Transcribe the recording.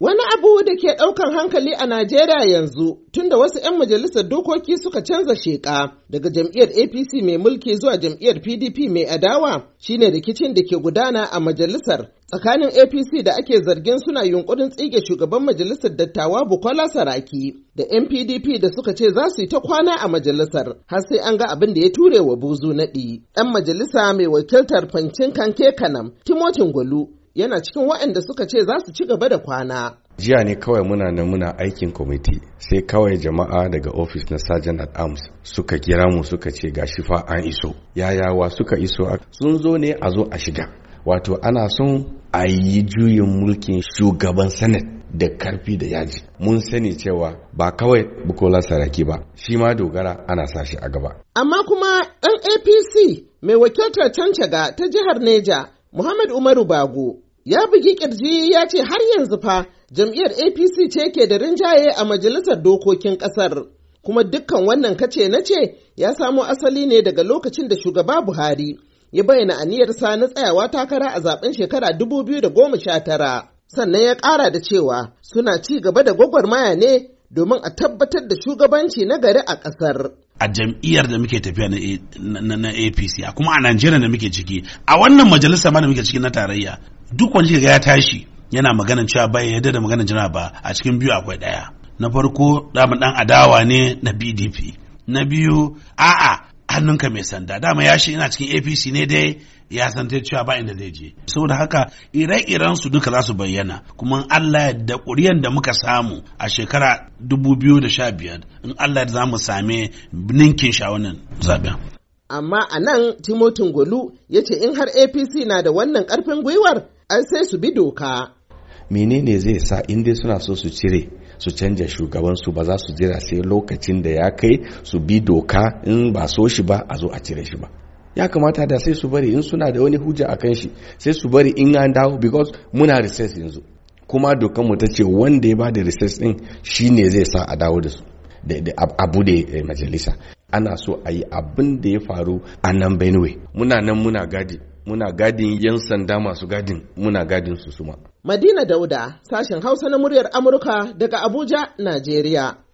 Wani abu da ke ɗaukar hankali a Najeriya yanzu tunda wasu 'yan majalisar dokoki suka canza sheƙa daga jam'iyyar APC mai mulki zuwa jam'iyyar PDP mai adawa shine rikicin da ke gudana a majalisar tsakanin APC da ake zargin suna yunkurin tsige shugaban majalisar dattawa Bukola Saraki da 'yan PDP da suka ce za su yi ta kwana a majalisar har sai an ga abin da ya ture wa buzu naɗi. 'Yan majalisa mai wakiltar Fancin Kanke Kanam, Timotin Gwalu yana cikin waɗanda suka ce za su ci gaba da kwana. jiya ne kawai muna nan muna aikin kwamiti sai kawai jama'a daga ofis na Sajan at arms suka kira mu suka ce ga fa an iso yayawa suka iso sun zo ne a zo a shiga wato ana son a yi juyin mulkin shugaban senate da karfi da yaji mun sani cewa ba kawai bukola saraki ba shi ma dogara ana sa shi a gaba amma kuma ɗan apc mai wakiltar cancaga ta jihar neja muhammad umaru bago ya bugi kirji ya ce har yanzu fa jam'iyyar apc ce ke da rinjaye a majalisar dokokin kasar kuma dukkan wannan kace na ce ya samo asali ne daga lokacin da shugaba buhari ya bayyana aniyarsa na tsayawa takara a zaben shekara 2019 sannan ya ƙara da cewa suna ci gaba da gwagwarmaya ne domin a tabbatar da shugabanci na gari a ƙasar. A jam'iyyar da muke tafiya na APC, a kuma a Najeriya da muke ciki, a wannan majalisa ma da muke ciki na tarayya, duk wanda kika ga ya tashi yana maganan cewa bai yadda da maganan jana ba a cikin biyu akwai daya na farko damu dan adawa ne na PDP na biyu a'a hannunka mai sanda dama ya shi ina cikin APC ne dai ya san ta cewa ba inda zai je saboda haka ire-iren su duka za su bayyana kuma Allah da ƙuriyan da muka samu a shekara 2015 in Allah da za mu same ninkin sha wannan zaben amma a nan timotin golu ya ce in har apc na da wannan karfin gwiwar ai sai su bi doka menene zai sa in dai suna so su cire su canja shugabansu ba za su jira sai lokacin da ya kai su bi doka in ba so shi ba a zo a cire shi ba ya kamata da sai su bari in suna da wani hujja a kan shi sai su bari in an dawo because muna recess yanzu kuma dokan mu ta ce wanda ya bada recess din ne zai sa a dawo da su abu da eh, majalisa ana so a yi abin da ya faru a nan benue muna nan muna gadi muna gadin yan sanda masu gadin muna gadin su suma. Madina Dauda, sashen Hausa na muryar Amurka daga Abuja, Najeriya.